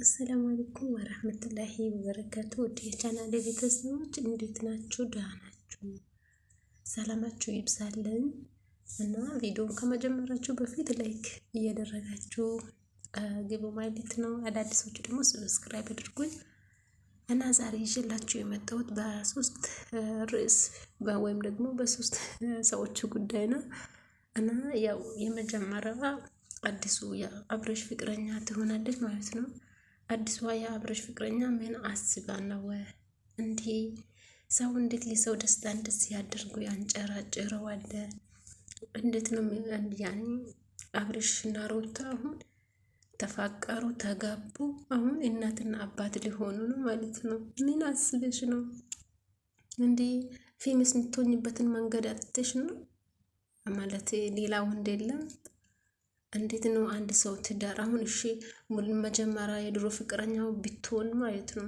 አሰላሙ አለይኩም ወረህመቱላሂ ወበረካቱ። ውድ የቻናሌ ቤተሰቦች እንዴት ናችሁ? ደህና ናችሁ? ሰላማችሁ ይብዛልን እና ቪዲዮን ከመጀመራችሁ በፊት ላይክ እያደረጋችሁ ግቡ ማለት ነው። አዳዲሶቹ ደግሞ ሰብስክራይብ አድርጉኝ እና ዛሬ ይዤላችሁ የመጣሁት በሶስት ርዕስ ወይም ደግሞ በሶስት ሰዎች ጉዳይ ነው እና ያው የመጀመሪያ አዲሱ የአብረሽ ፍቅረኛ ትሆናለች ማለት ነው አዲሷ የአብረሽ ፍቅረኛ ምን አስባ ነው? እንዲህ ሰው እንዴት የሰው ደስታ እንደዚህ ያደርጉ ያንጨራጭረው አለ። እንዴት ነው ያኔ አብረሽና ሮታ አሁን ተፋቀሩ፣ ተጋቡ። አሁን እናትና አባት ሊሆኑ ነው ማለት ነው። ምን አስበሽ ነው? እንዲህ ፌመስ የምትሆኝበትን መንገድ አጥተሽ ነው ማለት ሌላ ወንድ የለም እንዴት ነው አንድ ሰው ትዳር አሁን እሺ መጀመሪያ የድሮ ፍቅረኛው ቢትሆን ማለት ነው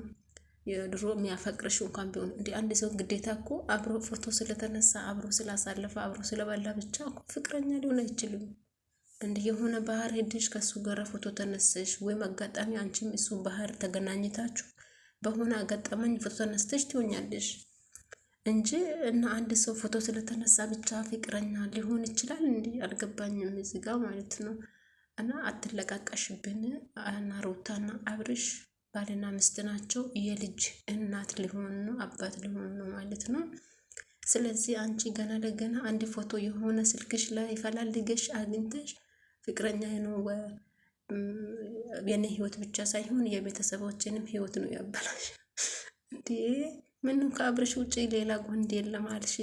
የድሮ የሚያፈቅርሽ እንኳን ቢሆን እንዲ አንድ ሰው ግዴታ እኮ አብሮ ፎቶ ስለተነሳ አብሮ ስላሳለፈ አብሮ ስለበላ ብቻ እኮ ፍቅረኛ ሊሆን አይችልም። እንዲ የሆነ ባህር ሄድሽ ከእሱ ጋር ፎቶ ተነሰሽ ወይም አጋጣሚ አንቺም እሱ ባህር ተገናኝታችሁ በሆነ አጋጣሚ ፎቶ ተነስተሽ ትሆኛለሽ። እንጂ እና አንድ ሰው ፎቶ ስለተነሳ ብቻ ፍቅረኛ ሊሆን ይችላል። እንዲ አልገባኝም እዚህ ጋር ማለት ነው። እና አትለቃቀሽብን እና ሩታና አብርሽ ባልና ሚስት ናቸው። የልጅ እናት ሊሆን ነው አባት ሊሆን ነው ማለት ነው። ስለዚህ አንቺ ገና ለገና አንድ ፎቶ የሆነ ስልክሽ ላይ ፈላልገሽ አግኝተሽ ፍቅረኛ ነው የኔ ህይወት ብቻ ሳይሆን የቤተሰቦችንም ህይወት ነው ያበላሽ እንዴ ምንም ከአብረሽ ውጭ ሌላ ጎንድ የለም አልሽ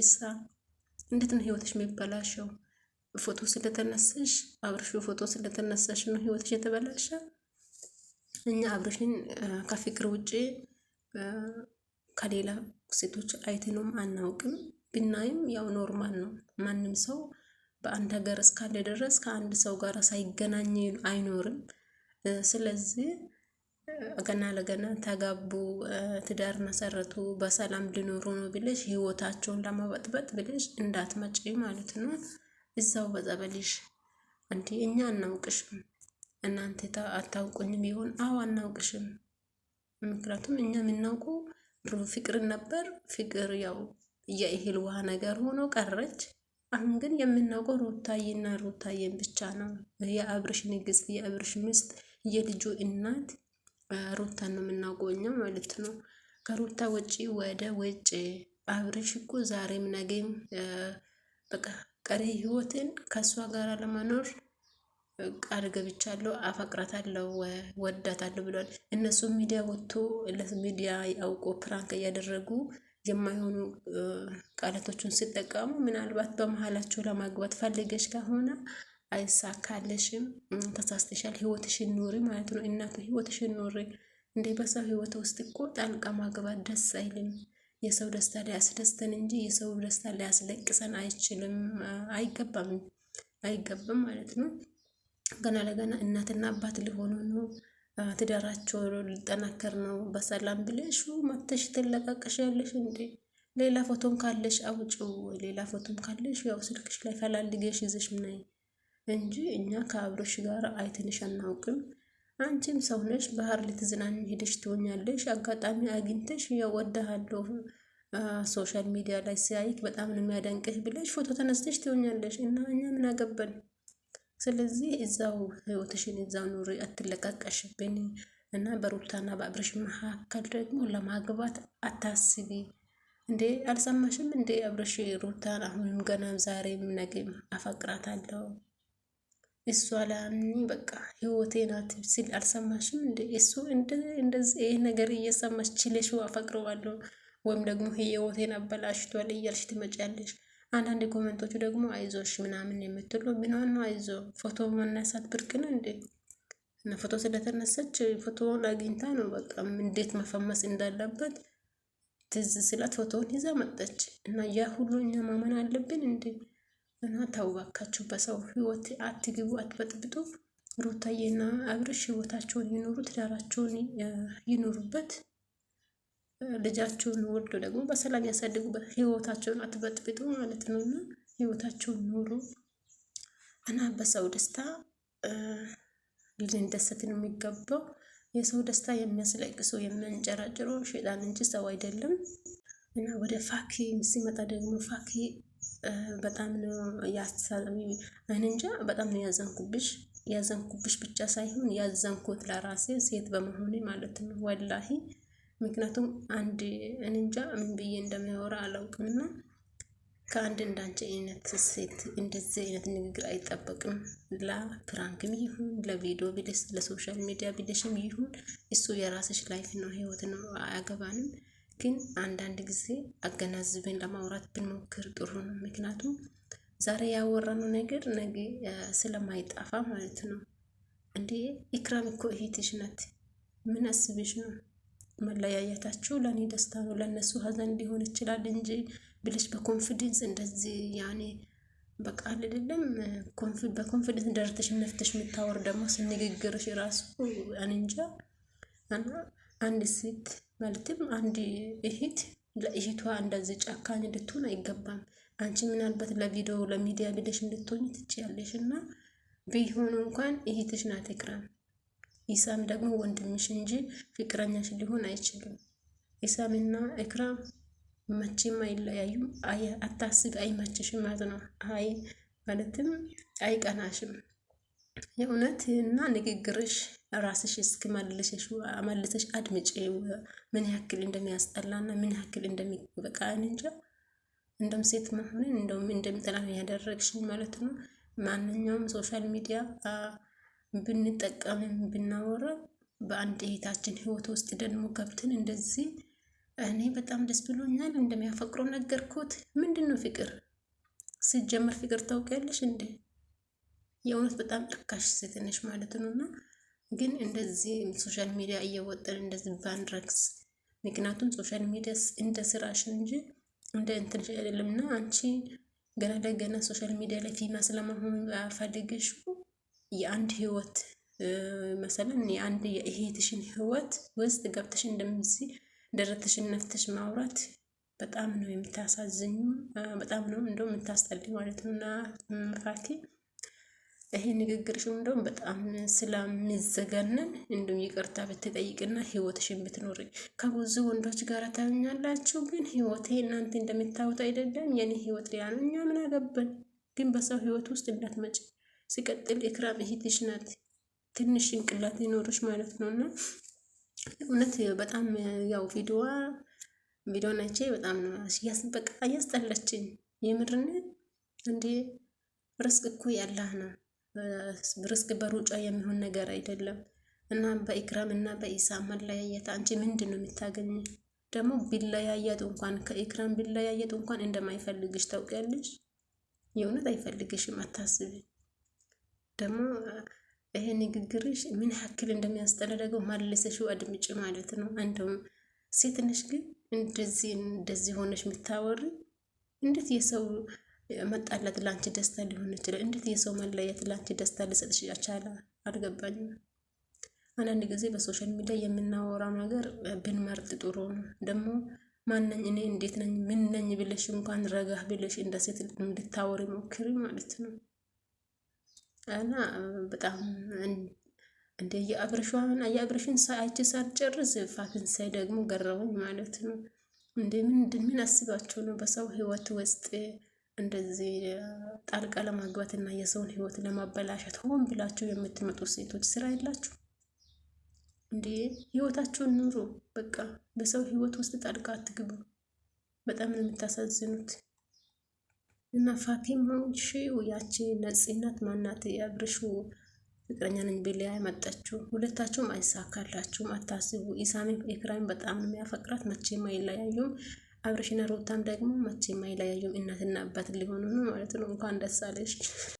እንዴት ነው ህይወትሽ የሚበላሸው? ፎቶ ስለተነሳሽ አብረሽ ፎቶ ስለተነሳሽ ነው ህይወትሽ የተበላሸ። እኛ አብረሽን ከፍቅር ውጭ ከሌላ ሴቶች አይተንም አናውቅም። ብናይም ያው ኖርማል ነው። ማንም ሰው በአንድ ሀገር እስካለ ድረስ ከአንድ ሰው ጋር ሳይገናኝ አይኖርም። ስለዚህ ገና ለገና ተጋቡ፣ ትዳር መሰረቱ፣ በሰላም ሊኖሩ ነው ብለሽ ህይወታቸውን ለመበጥበጥ ብለሽ እንዳትመጪ ማለት ነው። እዛው በጸበልሽ እንዲ እኛ አናውቅሽም፣ እናንተ አታውቁኝም ቢሆን አዎ አናውቅሽም። ምክንያቱም እኛ የምናውቁ ድሮ ፍቅር ነበር። ፍቅር ያው የእህል ውሃ ነገር ሆኖ ቀረች። አሁን ግን የምናውቀው ሩታዬና ሩታዬን ብቻ ነው። የአብርሽ ንግስት፣ የአብርሽ ሚስት፣ የልጁ እናት ሩታ ነው የምናውቀው ማለት ነው። ከሩታ ውጪ ወደ ውጭ አብርሽ እኮ ዛሬም ነገም በቃ ቀሪ ህይወትን ከእሷ ጋር ለመኖር ቃል ገብቻለሁ፣ አፈቅራታለሁ፣ ወዳታለሁ ብሏል። እነሱ ሚዲያ ወጥቶ ለሚዲያ አውቆ ፕራንክ እያደረጉ የማይሆኑ ቃላቶችን ሲጠቀሙ ምናልባት በመሀላቸው ለማግባት ፈልገሽ ከሆነ አይሳካለሽም፣ ተሳስተሻል፣ ህይወትሽን ኑሪ ማለት ነው። እናቱ ህይወትሽን ኑሪ። እንዴ በሰው ህይወት ውስጥ እኮ ጣልቃ ማግባት ደስ አይልም። የሰው ደስታ ሊያስደስተን እንጂ የሰው ደስታ ሊያስለቅሰን አይችልም፣ አይገባም፣ አይገባም ማለት ነው። ገና ለገና እናትና አባት ሊሆኑ ነው። ትዳራቸው ሊጠናከር ነው። በሰላም ብለሽ መተሽ ትለቃቀሽ ያለሽ እንዴ ሌላ ፎቶም ካለሽ አውጭው። ሌላ ፎቶም ካለሽ ያው ስልክሽ ላይ ፈላልገሽ ይዘሽ ምናይ እንጂ እኛ ከአብረሽ ጋር አይተንሽ አናውቅም። አንቺም ሰው ነሽ፣ ባህር ልትዝናኝ ሄደሽ ትሆኛለሽ። አጋጣሚ አግኝተሽ ያወዳሃለሁ ሶሻል ሚዲያ ላይ ሲያይክ በጣም ነው የሚያደንቅህ ብለሽ ፎቶ ተነስተሽ ትሆኛለሽ እና እኛ ምን አገበን? ስለዚህ እዛው ህይወትሽን እዛው ኑሪ፣ አትለቃቀሽብን እና በሩታና በአብረሽ መካከል ደግሞ ለማግባት አታስቢ። እንዴ አልሰማሽም? እንዴ አብረሽ ሩታን አሁንም ገና ዛሬም ነገም አፈቅራታለሁ እሷ ላምኒ በቃ ህይወቴ ናት ሲል አልሰማሽም እንደ እሱ እንደዚህ ይህ ነገር እየሰማሽ ችለሽ አፈቅረዋለሁ ወይም ደግሞ ህይወቴን አበላሽቷል እያልሽ ትመጫለሽ። አንዳንድ ኮመንቶቹ ደግሞ አይዞሽ ምናምን የምትሉ ምንሆን ነው አይዞ ፎቶ መነሳት ብርቅ ነው እንዴ? እና ፎቶ ስለተነሳች ፎቶውን አግኝታ ነው በቃ እንዴት መፈመስ እንዳለበት ትዝ ስላት ፎቶውን ይዛ መጣች እና ያ ሁሉ እኛ ማመን አለብን እንዴ? እና ተው በሰው ህይወት አትግቡ፣ አትበጥብጡ። ሩታዬና አብርሽ ህይወታቸውን ይኑሩ፣ ትዳራቸውን ይኑሩበት። ልጃቸውን ወልዶ ደግሞ በሰላም ያሳድጉ። ህይወታቸውን አትበጥብጡ ማለት ነው እና ህይወታቸውን ኑሩ እና በሰው ደስታ ልንደሰት ነው የሚገባው። የሰው ደስታ የሚያስለቅሰው የሚያንጨራጭረው ሸጣን እንጂ ሰው አይደለም። እና ወደ ፋኪ ሲመጣ ደግሞ ፋኪ በጣም ነው እኔ እንጃ በጣም ነው ያዘንኩብሽ። ያዘንኩብሽ ብቻ ሳይሆን ያዘንኩት ለራሴ ሴት በመሆኔ ማለት ነው ወላሂ። ምክንያቱም አንድ እኔ እንጃ ምን ብዬ እንደሚያወራ አላውቅምና ከአንድ እንዳንቺ አይነት ሴት እንደዚህ አይነት ንግግር አይጠበቅም። ለፕራንክም ይሁን ለቪዲዮ ብለሽ ለሶሻል ሚዲያ ብለሽም ይሁን እሱ የራስሽ ላይፍ ነው፣ ህይወት ነው፣ አያገባንም። ግን አንዳንድ ጊዜ አገናዝበን ለማውራት ብንሞክር ጥሩ ነው። ምክንያቱም ዛሬ ያወራነው ነገር ነገ ስለማይጠፋ ማለት ነው። እንዴ ኢክራም እኮ እህትሽ ናት። ምን አስብሽ ነው? መለያየታችሁ ለእኔ ደስታ ነው፣ ለእነሱ ሀዘን ሊሆን ይችላል እንጂ ብለሽ በኮንፊደንስ እንደዚህ ያኔ በቃ አይደለም በኮንፊደንስ ደረተሽ ነፍተሽ የምታወር ደግሞ ስንግግርሽ ራሱ አንንጃ እና አንድ ሴት ማለትም አንድ እህት ለእህቷ እንደዚህ ጨካኝ እንድትሆን አይገባም። አንቺ ምናልባት ለቪዲዮ ለሚዲያ ብለሽ እንድትሆኝ ትችያለሽ እና ቢሆኑ እንኳን እህትሽ ናት ኢክራም። ኢሳም ደግሞ ወንድምሽ እንጂ ፍቅረኛሽ ሊሆን አይችልም። ኢሳምና ኢክራም መቼም አይለያዩም። አታስብ፣ አይመችሽም ማለት ነው። አይ ማለትም አይቀናሽም የእውነት እና ንግግርሽ ራስሽ እስኪ መልሰሽ አድምጪ ምን ያክል እንደሚያስጠላና ምን ያክል እንደሚበቃ እንጃ። እንደም ሴት መሆንን እንደም እንደምጠላ ያደረግሽኝ ማለት ነው። ማንኛውም ሶሻል ሚዲያ ብንጠቀምም ብናወራ በአንድ እህታችን ህይወት ውስጥ ደግሞ ገብተን እንደዚህ እኔ በጣም ደስ ብሎኛል። እንደሚያፈቅረው ነገርኩት። ምንድን ነው ፍቅር ስጀምር ፍቅር ታውቂያለሽ እንዴ? የእውነት በጣም ርካሽ ሴት ነሽ ማለት ነው እና ግን እንደዚህ ሶሻል ሚዲያ እየወጠን እንደዚህ ባንረክስ። ምክንያቱም ሶሻል ሚዲያ እንደ ስራሽ እንጂ እንደ እንትንሽ አይደለም። እና አንቺ ገና ለገና ሶሻል ሚዲያ ላይ ፊማ ስለመሆኑ ያፈልግሽ የአንድ ህይወት መሰለን የአንድ የእህትሽን ህይወት ውስጥ ገብተሽ እንደምዚ ደረትሽን ነፍተሽ ማውራት በጣም ነው የምታሳዝኙ፣ በጣም ነው እንደ የምታስጠልኝ ማለት ነው እና ፋቲ ይሄ ንግግርሽም እንደውም በጣም ስላምዘገንን እንዲሁም ይቅርታ ብትጠይቅና ህይወትሽን ብትኖር ከብዙ ወንዶች ጋር ታኛላችሁ። ግን ህይወቴ እናንተ እንደምታወጡ አይደለም። የኔ ህይወት ያ ነው። እኛ ምን አገባን? ግን በሰው ህይወት ውስጥ እንዳትመጪ። ሲቀጥል ኢክራም እህትሽ ናት። ትንሽ እንቅላት ይኖርሽ ማለት ነው። እና እውነት በጣም ያው ቪዲዮዋ ቪዲዮ ናቼ በጣም ያስበቃ እያስጠላችኝ የምርን እንዴ ርስቅ እኮ ያላህ ነው ርስቅ በሩጫ የሚሆን ነገር አይደለም እና በኢክራም እና በኢሳ መለያየት አንቺ ምንድን ነው የምታገኝ? ደግሞ ቢለያየጡ እንኳን ከኢክራም ቢለያየጡ እንኳን እንደማይፈልግሽ ታውቂያለሽ። የእውነት አይፈልግሽም፣ አታስቢ። ደግሞ ይሄ ንግግርሽ ምን ያክል እንደሚያስጠለደገው መልሰሽ አድምጭ ማለት ነው። እንደውም ሴት ነሽ ግን እንደዚህ እንደዚህ ሆነሽ የምታወሪ እንዴት የሰው መጣላት ለአንቺ ደስታ ሊሆን ይችላል። እንዴት የሰው መለየት ለአንቺ ደስታ ሊሰጥሽ ቻለ? አልገባኝም። አንዳንድ ጊዜ በሶሻል ሚዲያ የምናወራው ነገር ብንመርጥ ጥሩ ነው። ደግሞ ማነኝ እኔ እንዴት ነኝ ምን ነኝ ብለሽ እንኳን ረጋ ብለሽ እንደ ሴት እንድታወሪ ሞክሪ ማለት ነው። እና በጣም እንደ የአብርሽዋን የአብርሽን አይቼ ሳልጨርስ ፋትን ሳይ ደግሞ ገረሙኝ ማለት ነው። እንደ ምን አስባቸው ነው በሰው ህይወት ውስጥ እንደዚህ ጣልቃ ለማግባት እና የሰውን ህይወት ለማበላሸት ሆን ብላችሁ የምትመጡ ሴቶች ስራ የላችሁ እንዴ? ህይወታችሁን ኑሩ። በቃ በሰው ህይወት ውስጥ ጣልቃ አትግቡ። በጣም ነው የምታሳዝኑት። እና ፋቲማ ሺው ያቺ ነጽነት ማናት የአብርሹ ፍቅረኛ ነኝ ብላ ያመጣችሁ ሁለታችሁም አይሳካላችሁም። አታስቡ። ኢሳሜ ኤክራም በጣም ነው የሚያፈቅራት መቼም አይለያዩም። አብርሽና ሩታም ደግሞ መቼም አይለያዩም። እናትና አባት ሊሆኑ ነው ማለት ነው። እንኳን ደስ አለሽ።